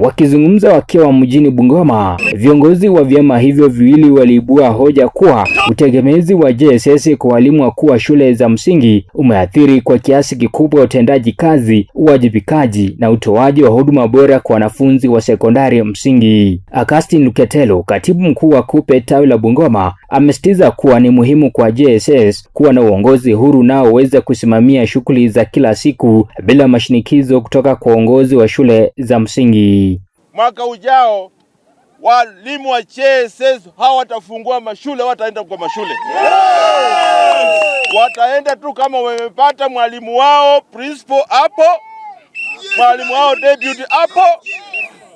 Wakizungumza wakiwa mjini Bungoma, viongozi wa vyama hivyo viwili waliibua hoja kuwa utegemezi wa JSS kwa walimu wakuu wa shule za msingi umeathiri kwa kiasi kikubwa utendaji kazi, uwajibikaji na utoaji wa huduma bora kwa wanafunzi wa sekondari msingi. Agustin Luketelo, katibu mkuu wa KUPPET tawi la Bungoma, Amesitiza kuwa ni muhimu kwa JSS kuwa na uongozi huru unaoweza kusimamia shughuli za kila siku bila mashinikizo kutoka kwa uongozi wa shule za msingi. Mwaka ujao walimu wa JSS hawatafungua mashule, wataenda kwa mashule yeah! Wataenda tu kama wamepata mwalimu wao principal hapo, mwalimu wao deputy hapo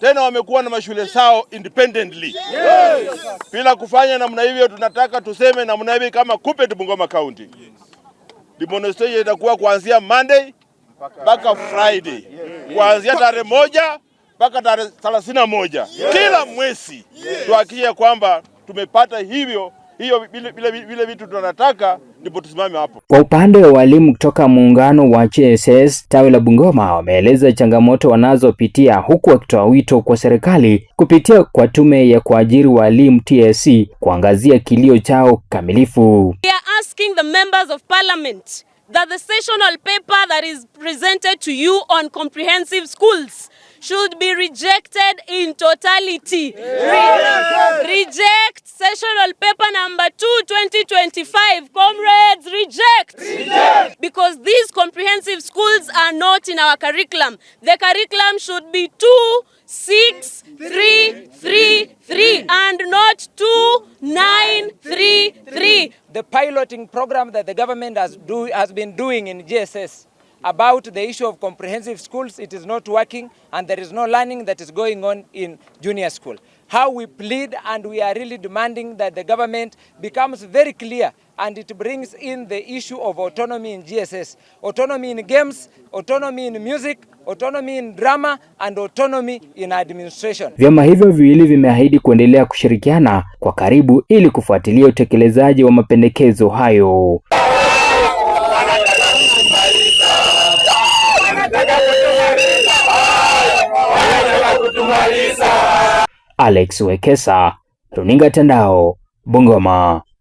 tena wamekuwa na mashule zao independently yes. Bila kufanya namna hivyo, tunataka tuseme namna hivi kama kupe Bungoma County yes. Demonstration itakuwa kuanzia Monday mpaka Friday yes. Kuanzia tarehe moja mpaka tarehe thelathini na moja yes. Kila mwezi yes. Tuhakikishe kwamba tumepata hivyo hiyo vile vitu tunataka ndipo tusimame hapo. Kwa upande wa walimu kutoka muungano wa JSS tawi la Bungoma wameeleza changamoto wanazopitia huku wakitoa wito kwa serikali kupitia kwa tume ya kuajiri walimu TSC kuangazia kilio chao kamilifu. We are asking the members of parliament that the sessional paper that is presented to you on comprehensive schools should be rejected in totality. Yeah. Re reject sessional paper number 2 2025. Comrades, reject. reject. Because these comprehensive schools are not in our curriculum. The curriculum should be 2 6 3 3 3 and not 2 9 3 3. The piloting program that the government has do has been doing in GSS about the issue of comprehensive schools. It is not working and there is no learning that is going on in junior school. How we plead and we are really demanding that the government becomes very clear and it brings in the issue of autonomy in GSS, autonomy in games, autonomy in music, autonomy in drama and autonomy in administration. Vyama hivyo viwili vimeahidi kuendelea kushirikiana kwa karibu ili kufuatilia utekelezaji wa mapendekezo hayo. Alex Wekesa, Runinga Tandao, Bungoma.